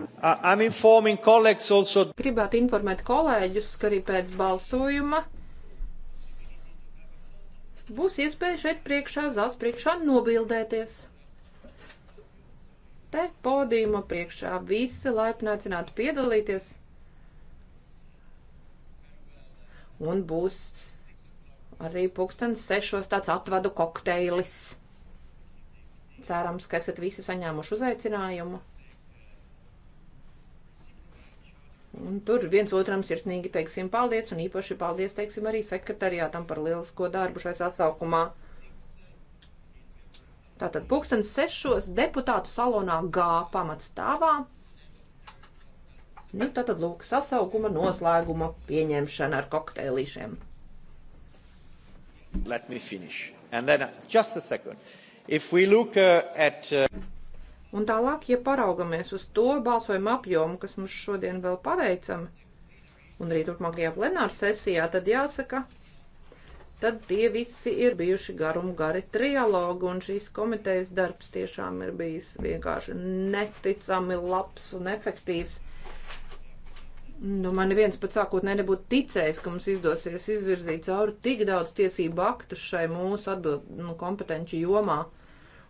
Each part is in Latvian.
Uh, Gribētu informēt kolēģus, ka arī pēc balsojuma būs iespēja šeit priekšā, zāles priekšā nobildēties. Te podījuma priekšā visi laipni aicinātu piedalīties. Un būs arī pulkstens sešos tāds atvadu kokteilis. Cerams, ka esat visi saņēmuši uzaicinājumu. Un tur viens otram sirsnīgi teiksim paldies, un īpaši paldies, teiksim, arī sekretariātam par lielisko darbu šai sasaukumā. Tātad pulkstens sešos deputātu salonā G pamatstāvā. Nu, tātad, lūk, sasaukuma noslēguma pieņemšana ar kokteilīšiem. Let me finish. And then, uh, just a second. If we look uh, at... Uh... Un tālāk, ja paraugamies uz to balsojumu apjomu, kas mums šodien vēl paveicam, un arī turpmākajā plenāra sesijā, tad jāsaka, tad tie visi ir bijuši garumu gari trialogi, un šīs komitejas darbs tiešām ir bijis vienkārši neticami labs un efektīvs. Nu, man viens pat sākotnēji nebūtu ticējis, ka mums izdosies izvirzīt cauri tik daudz tiesību aktu šai mūsu atbild, nu, kompetenci jomā.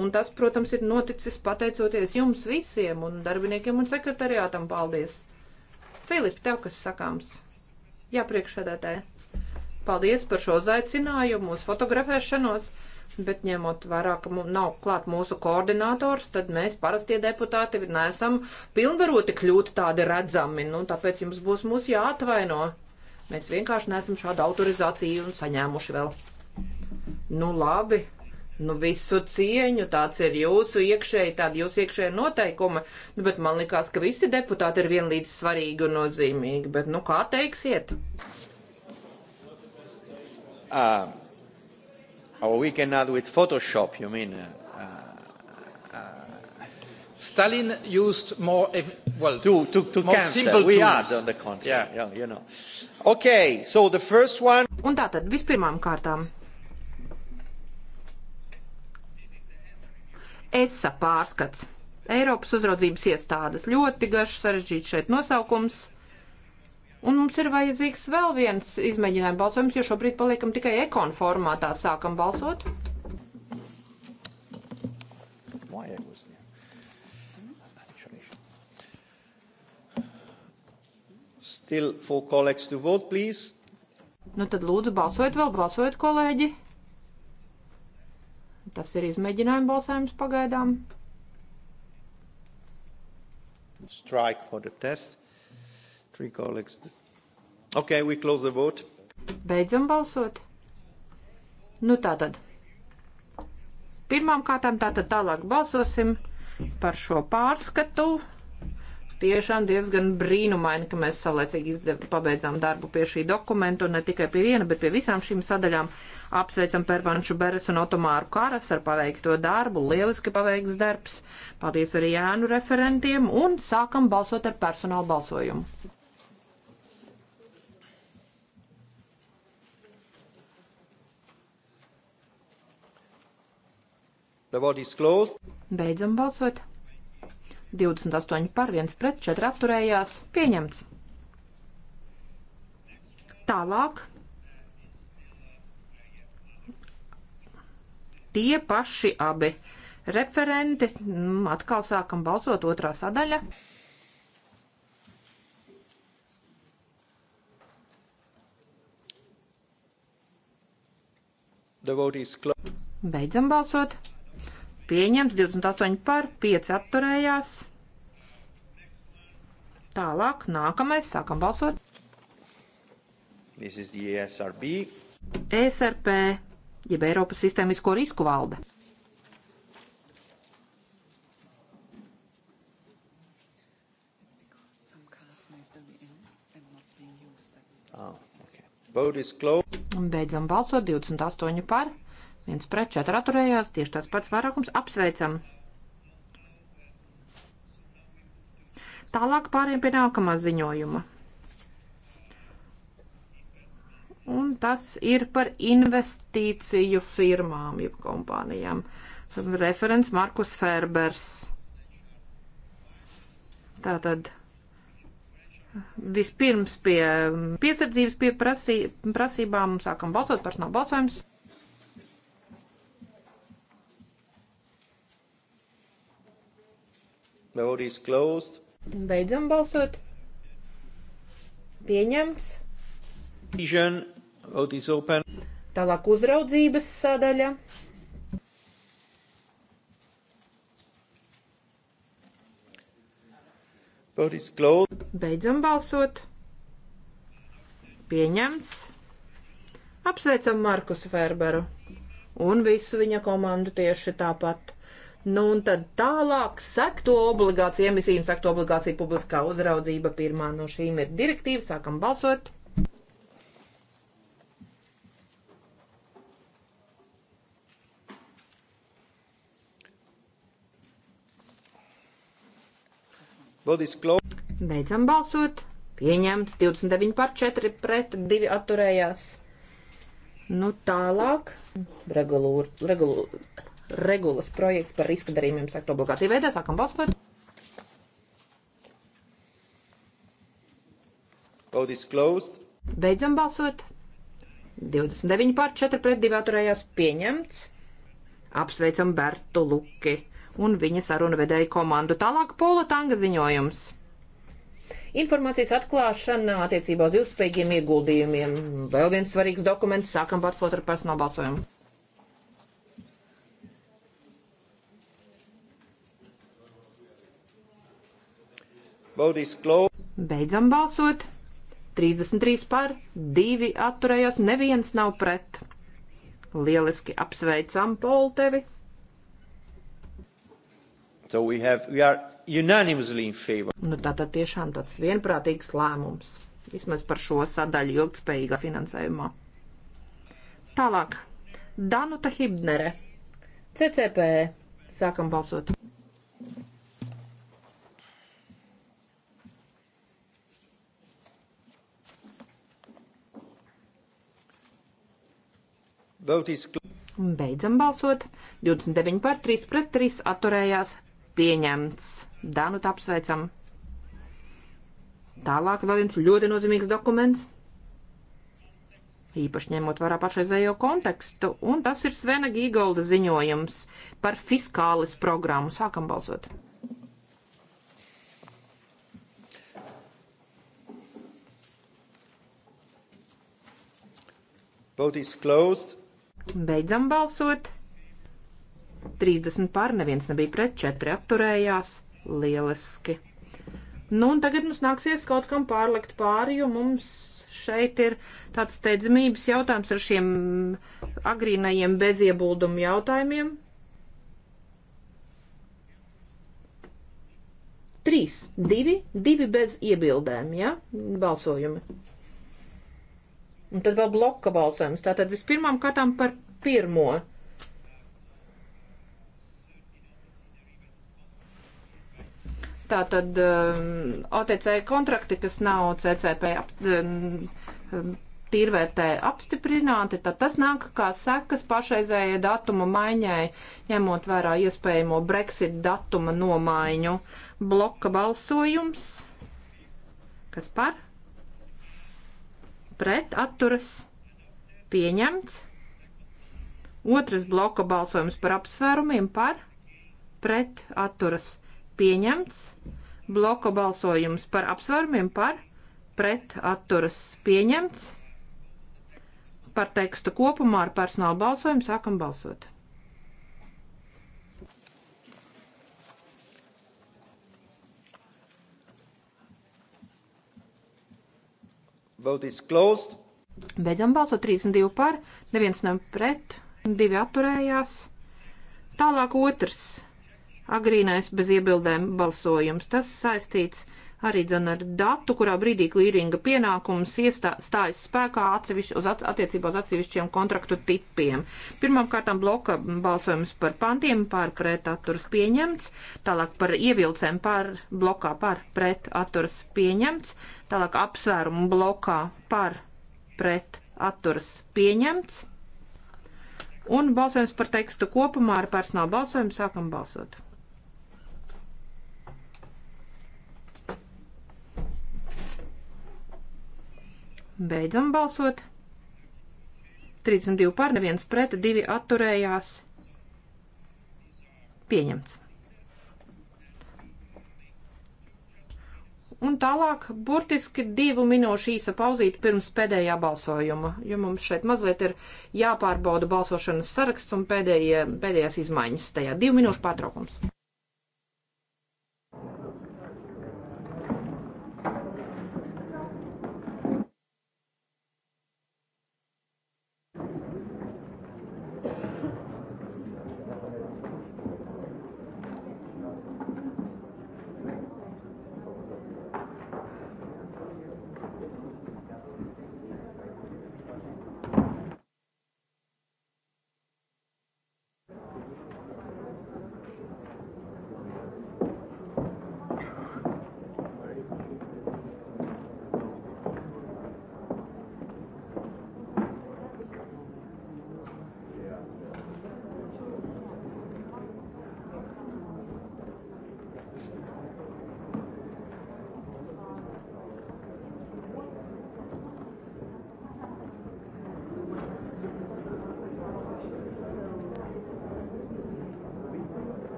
Un tas, protams, ir noticis pateicoties jums visiem un darbiniekiem un sekretariātam. Paldies! Filip, tev kas sakāms? Jā, priekšsēdētāji. Paldies par šo zaicinājumu uz fotografēšanos, bet ņemot vērā, ka mums nav klāt mūsu koordinators, tad mēs parastie deputāti neesam pilnvaroti kļūt tādi redzami. Nu, tāpēc jums būs mūs jāatvaino. Mēs vienkārši neesam šādu autorizāciju un saņēmuši vēl. Nu, labi. Nu, visu cieņu, tāds ir jūsu iekšēji, tāda jūsu iekšēja noteikuma, nu, bet man likās, ka visi deputāti ir vienlīdz svarīgi un nozīmīgi, bet, nu, kā teiksiet? Uh, um, oh, or we can add with Photoshop, you mean? Uh, uh, uh Stalin used more, e-, well, to, to, to more cancel. simple we tools. add on the contrary, yeah. yeah, you know. Okay, so the first one. Un tātad, vispirmām kārtām. ESA pārskats. Eiropas uzraudzības iestādes. Ļoti garš, sarežģīts šeit nosaukums. Un mums ir vajadzīgs vēl viens izmēģinājuma balsojums, jo šobrīd paliekam tikai ekonu formātā. Sākam balsot. Vote, nu tad lūdzu balsojiet vēl, balsojiet kolēģi. Tas ir izmēģinājuma balsājums pagaidām. Strike for the test. Three colleagues. Okay, we close the vote. Beidzam balsot. Nu tātad. Pirmām kārtām tātad tālāk balsosim par šo pārskatu tiešām diezgan brīnumaini, ka mēs saulēcīgi izdev, pabeidzām darbu pie šī dokumenta, un ne tikai pie viena, bet pie visām šīm sadaļām. Apsveicam Pervanšu Beres un Otomāru Karas ar paveikto darbu, lieliski paveikts darbs. Paldies arī Jānu referentiem, un sākam balsot ar personālu balsojumu. The vote is closed. Beidzam balsot. 28 par 1 pret 4 apturējās. Pieņemts. Tālāk. Tie paši abi referenti. Mm, atkal sākam balsot otrā sadaļa. Beidzam balsot pieņemts, 28 par, 5 atturējās. Tālāk, nākamais, sākam balsot. This is the ESRB. ESRP, jeb Eiropas sistēmisko risku valde. Oh, okay. Beidzam balsot 28 par, viens pret četri atturējās, tieši tāds pats vairākums apsveicam. Tālāk pāriem pie nākamā ziņojuma. Un tas ir par investīciju firmām, jeb kompānijām. Referents Markus Ferbers. Tātad vispirms pie piesardzības pie prasī, prasībām sākam balsot personāla balsojums. Vote is closed. Beidzam balsot. Pieņems. Vision. Vote is open. Tālāk uzraudzības sadaļa. Vote is closed. Beidzam balsot. Pieņems. Apsveicam Markusu Ferberu un visu viņa komandu tieši tāpat. Nu, un tad tālāk sekto obligāciju emisiju un sekto obligāciju publiskā uzraudzība. Pirmā no šīm ir direktīva. Sākam balsot. Beidzam balsot. Pieņemts 29 par 4 pret 2 atturējās. Nu, tālāk. Regulūr, regulūr, regulas projekts par riska darījumiem sektu obligāciju veidā. Sākam balsot. Vote is closed. Beidzam balsot. 29 pār 4 pret 2 atturējās pieņemts. Apsveicam Bertu Luki un viņa saruna vedēju komandu. Tālāk Pola Tanga ziņojums. Informācijas atklāšana attiecībā uz ilgspējīgiem ieguldījumiem. Vēl viens svarīgs dokuments. Sākam balsot ar personālu balsojumu. Beidzam balsot. 33 par, 2 atturējās, neviens nav pret. Lieliski apsveicam Polu tevi. So we have, we are unanimously in favor. Nu tātad tiešām tāds vienprātīgs lēmums. Vismaz par šo sadaļu ilgspējīgā finansējumā. Tālāk. Danuta Hibnere. CCP. Sākam balsot. Beidzam balsot. 29 par 3 pret 3 atturējās. Pieņemts. Dānu tā apsveicam. Tālāk vēl viens ļoti nozīmīgs dokuments. Īpaši ņemot vērā pašreizējo kontekstu, un tas ir Svena Gīgolda ziņojums par fiskālis programmu. Sākam balsot. Vote is closed. Beidzam balsot. 30 pār neviens nebija pret, 4 atturējās. Lieliski. Nu, un tagad mums nāksies kaut kam pārlikt pāri, jo mums šeit ir tāds steidzamības jautājums ar šiem agrīnajiem beziebildumu jautājumiem. Trīs, divi, divi bez iebildēm, ja? Balsojumi. Un tad vēl bloka balsojums. Tātad vispirmām kārtām par pirmo. Tātad um, OTC kontrakti, kas nav CCP ap, um, um, tīrvērtē apstiprināti, tad tas nāk kā sekas pašreizējai datuma maiņai, ņemot vērā iespējamo Brexit datuma nomaiņu. Bloka balsojums. Kas par? pret atturas pieņemts. Otrs bloka balsojums par apsvērumiem par pret atturas pieņemts. Bloka balsojums par apsvērumiem par pret atturas pieņemts. Par tekstu kopumā ar personālu balsojumu sākam balsot. Vote is closed. Beidzam balsot 32 par, neviens nav pret, divi atturējās. Tālāk otrs agrīnais bez iebildēm balsojums. Tas saistīts arī dzen ar datu, kurā brīdī klīringa pienākums iestājas spēkā atsevišķi uz at, attiecībā uz atsevišķiem kontraktu tipiem. Pirmkārtām bloka balsojums par pantiem, par pret atturas pieņemts, tālāk par ievilcēm par blokā par pret atturas pieņemts, tālāk apsvērumu blokā par pret atturas pieņemts. Un balsojums par tekstu kopumā ar personālu balsojumu sākam balsot. Beidzam balsot. 32 par, neviens pret, divi atturējās. Pieņemts. Un tālāk burtiski divu minūšu īsa pauzīt pirms pēdējā balsojuma, jo mums šeit mazliet ir jāpārbauda balsošanas saraksts un pēdējie, pēdējās izmaiņas tajā. Divu minūšu pārtraukums.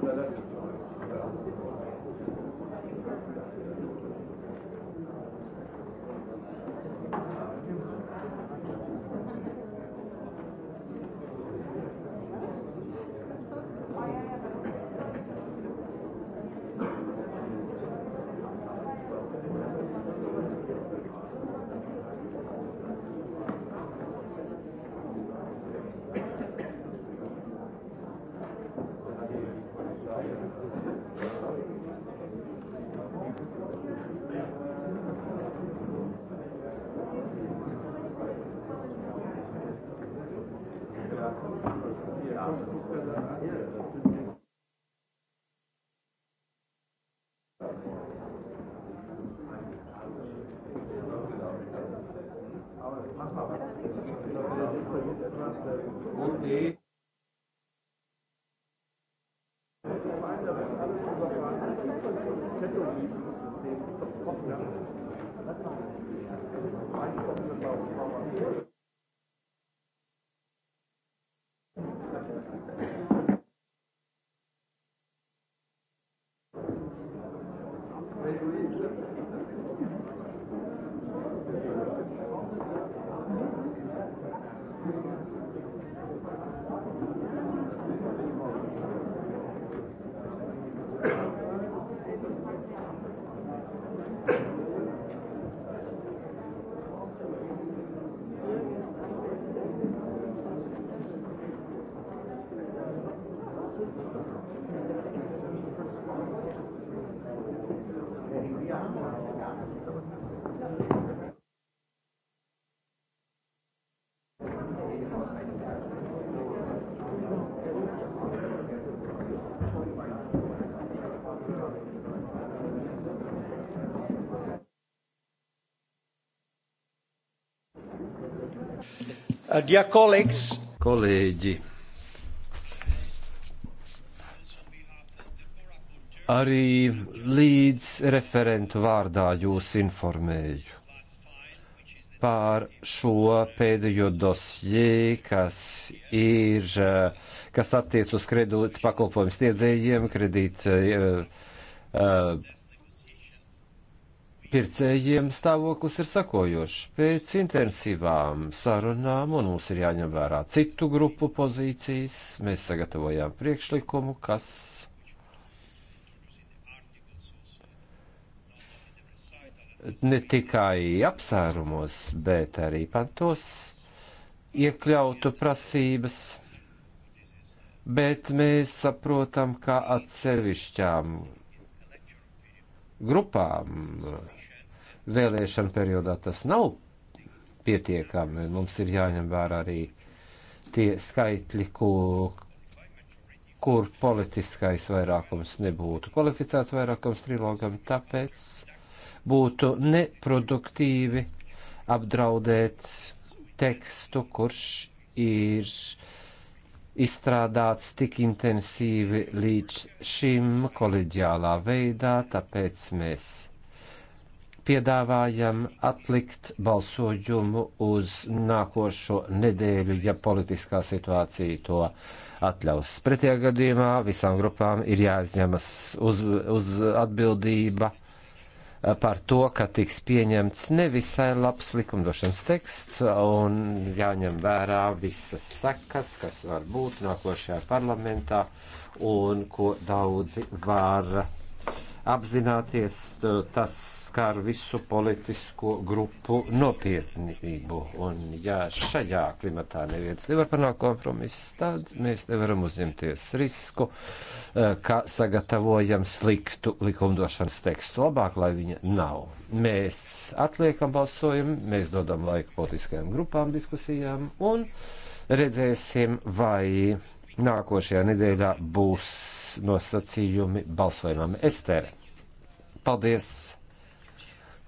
Thank you. Und die Uh, Kolēģi, arī līdz referentu vārdā jūs informēju par šo pēdējo dosjē, kas ir, kas attiec uz kredītu pakalpojumu stiedzējiem, kredītu eh, eh, pircējiem stāvoklis ir sakojošs. Pēc intensīvām sarunām, un mums ir jāņem vērā citu grupu pozīcijas, mēs sagatavojām priekšlikumu, kas ne tikai apsērumos, bet arī pantos iekļautu prasības, bet mēs saprotam, ka atsevišķām grupām vēlēšana periodā tas nav pietiekami. Mums ir jāņem vērā arī tie skaitļi, ko, kur politiskais vairākums nebūtu kvalificēts vairākums trilogam, tāpēc būtu neproduktīvi apdraudēt tekstu, kurš ir izstrādāts tik intensīvi līdz šim koleģiālā veidā, tāpēc mēs piedāvājam atlikt balsojumu uz nākošo nedēļu, ja politiskā situācija to atļaus. Pretējā gadījumā visām grupām ir jāizņemas uz, uz atbildība par to, ka tiks pieņemts nevisai labs likumdošanas teksts un jāņem vērā visas sekas, kas var būt nākošajā parlamentā un ko daudzi var apzināties, tas skar visu politisko grupu nopietnību. Un ja šajā klimatā neviens nevar panākt kompromisu, tad mēs nevaram uzņemties risku, eh, ka sagatavojam sliktu likumdošanas tekstu labāk, lai viņa nav. Mēs atliekam balsojumu, mēs dodam laiku politiskajām grupām diskusijām un redzēsim, vai Nākošajā nedēļā būs nosacījumi balsojumam. Estere, paldies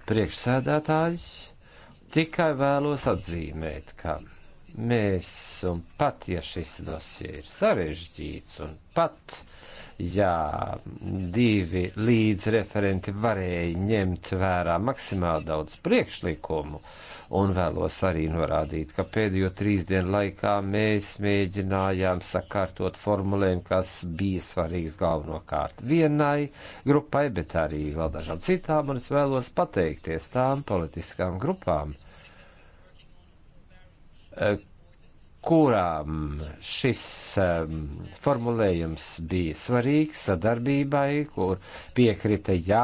priekšsēdētājs. Tikai vēlos atzīmēt, ka mēs, un pat ja šis dosie ir sarežģīts, un pat ja divi līdzreferenti varēja ņemt vērā maksimāli daudz priekšlikumu, un vēlos arī norādīt, ka pēdējo trīs dienu laikā mēs mēģinājām sakārtot formulējumu, kas bija svarīgs galvenokārt vienai grupai, bet arī vēl dažām citām, un es vēlos pateikties tām politiskām grupām, kurām šis um, formulējums bija svarīgs sadarbībai, kur piekrita, ja,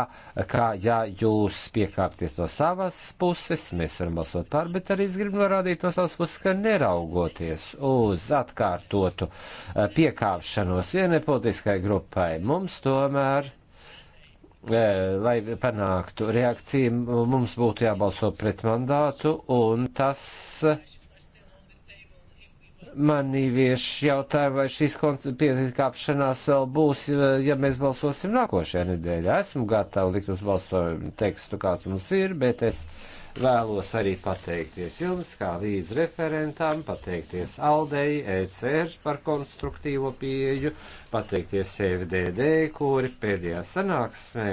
kā, ja jūs piekāpties no savas puses, mēs varam balsot par, bet arī es gribu norādīt no savas puses, ka neraugoties uz atkārtotu uh, piekāpšanos vienai politiskai grupai, mums tomēr eh, lai panāktu reakciju, mums būtu jābalso pret mandātu, un tas Mani vieši jautāja, vai šīs piekāpšanās vēl būs, ja mēs balsosim nākošajā nedēļā. Esmu gatava likt uz balsojumu tekstu, kāds mums ir, bet es vēlos arī pateikties jums, kā līdz referentam, pateikties Aldei, ECR par konstruktīvo pieeju, pateikties CFDD, e kuri pēdējā sanāksmē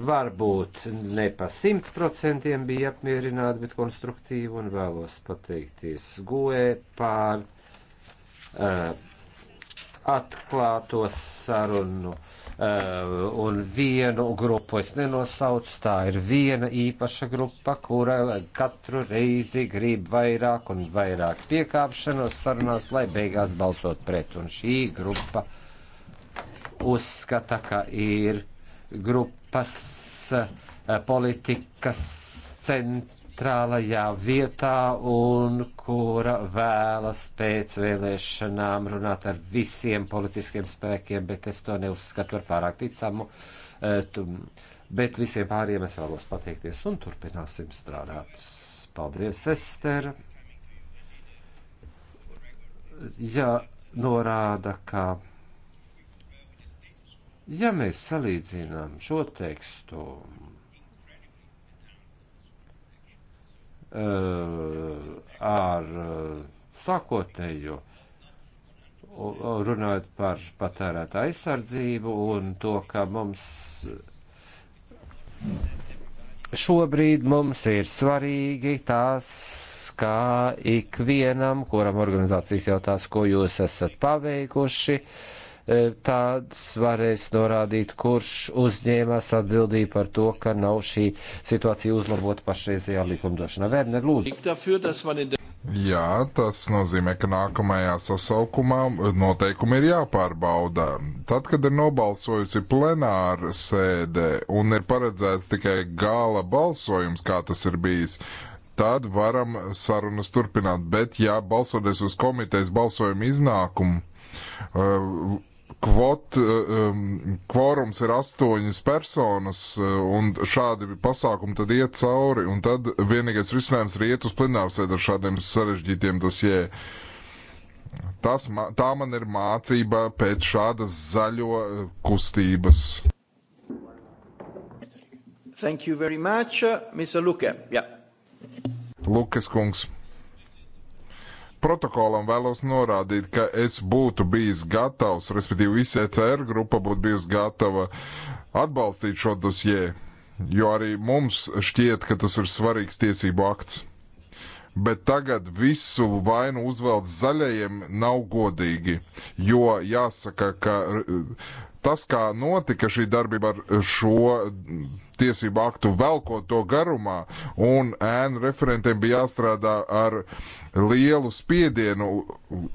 varbūt ne pa simt procentiem bija apmierināti, bet konstruktīvi un vēlos pateikties goē pār uh, eh, atklāto sarunu uh, un vienu grupu es nenosaucu, tā ir viena īpaša grupa, kura katru reizi grib vairāk un vairāk piekāpšanos sarunās, lai beigās balsot pret. Un šī grupa uzskata, ka ir grupa Eiropas eh, politikas centrālajā vietā un kura vēlas pēc vēlēšanām runāt ar visiem politiskiem spēkiem, bet es to neuzskatu ar pārāk ticamu. Eh, bet visiem pāriem es vēlos pateikties un turpināsim strādāt. Paldies, Ester! Jā, norāda, ka. Ja mēs salīdzinām šo tekstu uh, ar uh, sākotnējo, runājot par patērētā aizsardzību un to, ka mums šobrīd mums ir svarīgi tās, kā ikvienam, kuram organizācijas jautās, ko jūs esat paveikuši, uh, E, tāds varēs norādīt, kurš uzņēmās atbildību par to, ka nav šī situācija uzlabota pašreizajā likumdošanā. Vērner, lūdzu. Jā, tas nozīmē, ka nākamajā sasaukumā noteikumi ir jāpārbauda. Tad, kad ir nobalsojusi plenāra sēde un ir paredzēts tikai gala balsojums, kā tas ir bijis, tad varam sarunas turpināt. Bet, ja balsoties uz komitejas balsojuma iznākumu, e, kvot, eh, kvorums ir astoņas personas, eh, un šādi pasākumi tad iet cauri, un tad vienīgais risinājums ir iet uz plenārsēdu ar šādiem sarežģītiem dosjē. Tas, tā man ir mācība pēc šādas zaļo eh, kustības. Thank you very much, Mr. Luke. Yeah. Lukas kungs protokolam vēlos norādīt, ka es būtu bijis gatavs, respektīvi visi ECR grupa būtu bijusi gatava atbalstīt šo dosjē, jo arī mums šķiet, ka tas ir svarīgs tiesību akts. Bet tagad visu vainu uzvelt zaļajiem nav godīgi, jo jāsaka, ka uh, tas, kā notika šī darbība ar šo tiesību aktu velkot to garumā, un ēnu referentiem bija jāstrādā ar lielu spiedienu,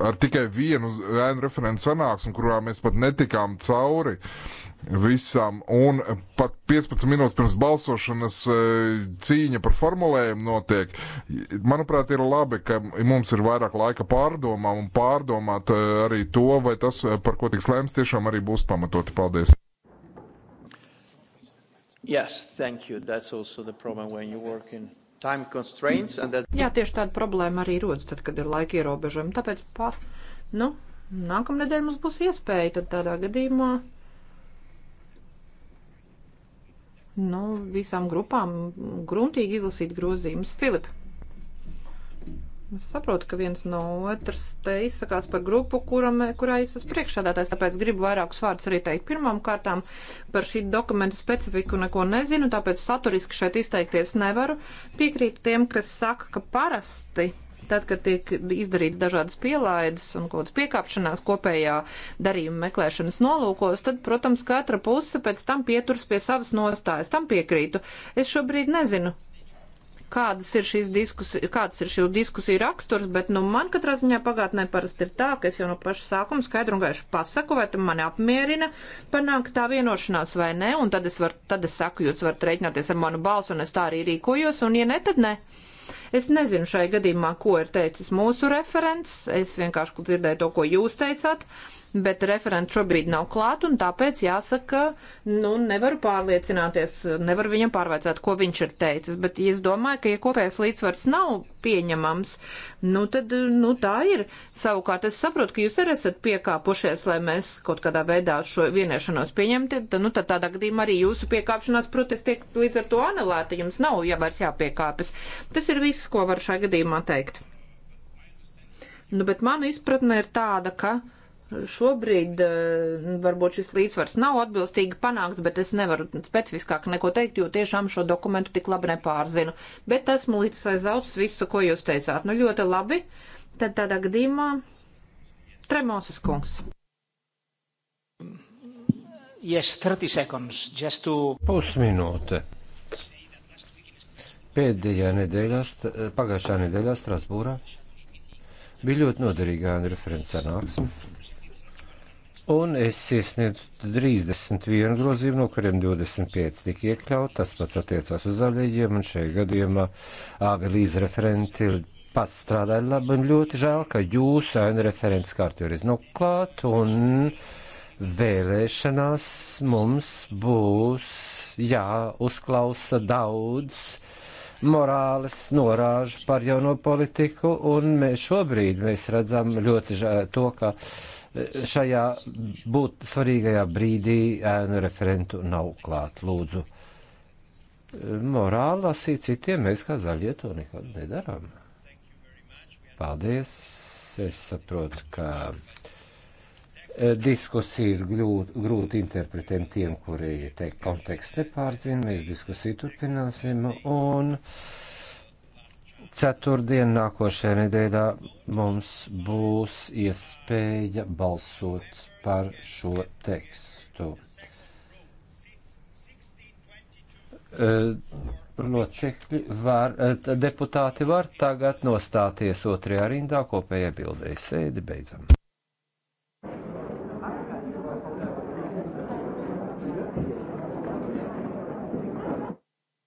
ar tikai vienu ēnu referentu sanāksmu, kurā mēs pat netikām cauri visam, un pat 15 minūtes pirms balsošanas e, cīņa par formulējumu notiek. Manuprāt, ir labi, ka mums ir vairāk laika pārdomām un pārdomāt e, arī to, vai tas, e, par ko tiks lēms, tiešām arī būs pamatoti. Paldies! Yes, thank you. That's also the problem when you work in time constraints. And that... Jā, tieši tāda problēma arī rodas, tad, kad ir laika ierobežojumi. Tāpēc pār, nu, nākamnedēļ mums būs iespēja tad tādā gadījumā. Nu, visām grupām gruntīgi izlasīt grozījumus. Filips. Es saprotu, ka viens no otras te izsakās par grupu, kuram, kurā es esmu priekšādātājs, tāpēc gribu vairākus vārdus arī teikt. Pirmām kārtām par šī dokumenta specifiku neko nezinu, tāpēc saturiski šeit izteikties nevaru. Piekrītu tiem, kas saka, ka parasti. Tad, kad tiek izdarīts dažādas pielaides un kaut kādas piekāpšanās kopējā darījuma meklēšanas nolūkos, tad, protams, katra puse pēc tam pieturas pie savas nostājas. Tam piekrītu. Es šobrīd nezinu, kādas ir šīs diskusijas, kāds ir šo diskusiju raksturs, bet, nu, man katrā ziņā pagātnē parasti ir tā, ka es jau no paša sākuma skaidru un gaišu pasaku, vai tu mani apmierina panākt tā vienošanās vai nē, un tad es, var, tad es saku, jūs varat rēķināties ar manu balsu, un es tā arī rīkojos, un ja ne, tad ne. Es nezinu šai gadījumā, ko ir teicis mūsu referents, es vienkārši dzirdēju to, ko jūs teicāt. Uh, bet referents šobrīd nav klāt, un tāpēc jāsaka, nu, nevaru pārliecināties, nevaru viņam pārveicāt, ko viņš ir teicis, bet ja es domāju, ka, ja kopējais līdzsvars nav pieņemams, nu, tad, nu, tā ir. Savukārt, es saprotu, ka jūs arī esat piekāpušies, lai mēs kaut kādā veidā šo vienēšanos pieņemti, tad, nu, tad tādā gadījumā arī jūsu piekāpšanās protesti tiek līdz ar to anulēta, jums nav jau vairs jāpiekāpes. Tas ir viss, ko varu šajā gadījumā teikt. Nu, bet mana izpratne ir tāda, ka uh, Šobrīd eh, varbūt šis līdzsvars nav atbilstīgi panākts, bet es nevaru specifiskāk neko teikt, jo tiešām šo dokumentu tik labi nepārzinu. Bet esmu līdz aizaucis visu, ko jūs teicāt. Nu ļoti labi. Tad tādā gadījumā Tremosas kungs. Yes, 30 seconds, just to... Pusminūte. Pēdējā nedēļā, pagājušā nedēļā Strasbūrā bija ļoti noderīga referents sanāksme Un es iesniedzu 31 grozījumu, no kuriem 25 tika iekļaut. Tas pats attiecās uz zaļajiem, un šajā gadījumā abi līdz referenti pastrādāja labi. Un ļoti žēl, ka jūsu ainu referents kārtjoreiz nav klāt, un vēlēšanās mums būs jāuzklausa daudz morāles norāžu par jauno politiku, un mēs šobrīd mēs redzam ļoti žā, to, ka e, šajā būt svarīgajā brīdī ēnu referentu nav klāt. Lūdzu, e, morāli lasīt citiem, mēs kā zaļie to nekad nedaram. Paldies! Es saprotu, ka. Uh, Eh, diskusija ir grūti, grūti interpretēt tiem, kuri te kontekstu nepārzina. Mēs diskusiju turpināsim. Un ceturtdien nākošajā nedēļā mums būs iespēja balsot par šo tekstu. Locekļi eh, var, eh, deputāti var tagad nostāties otrajā rindā kopējai bildēji sēdi, beidzam.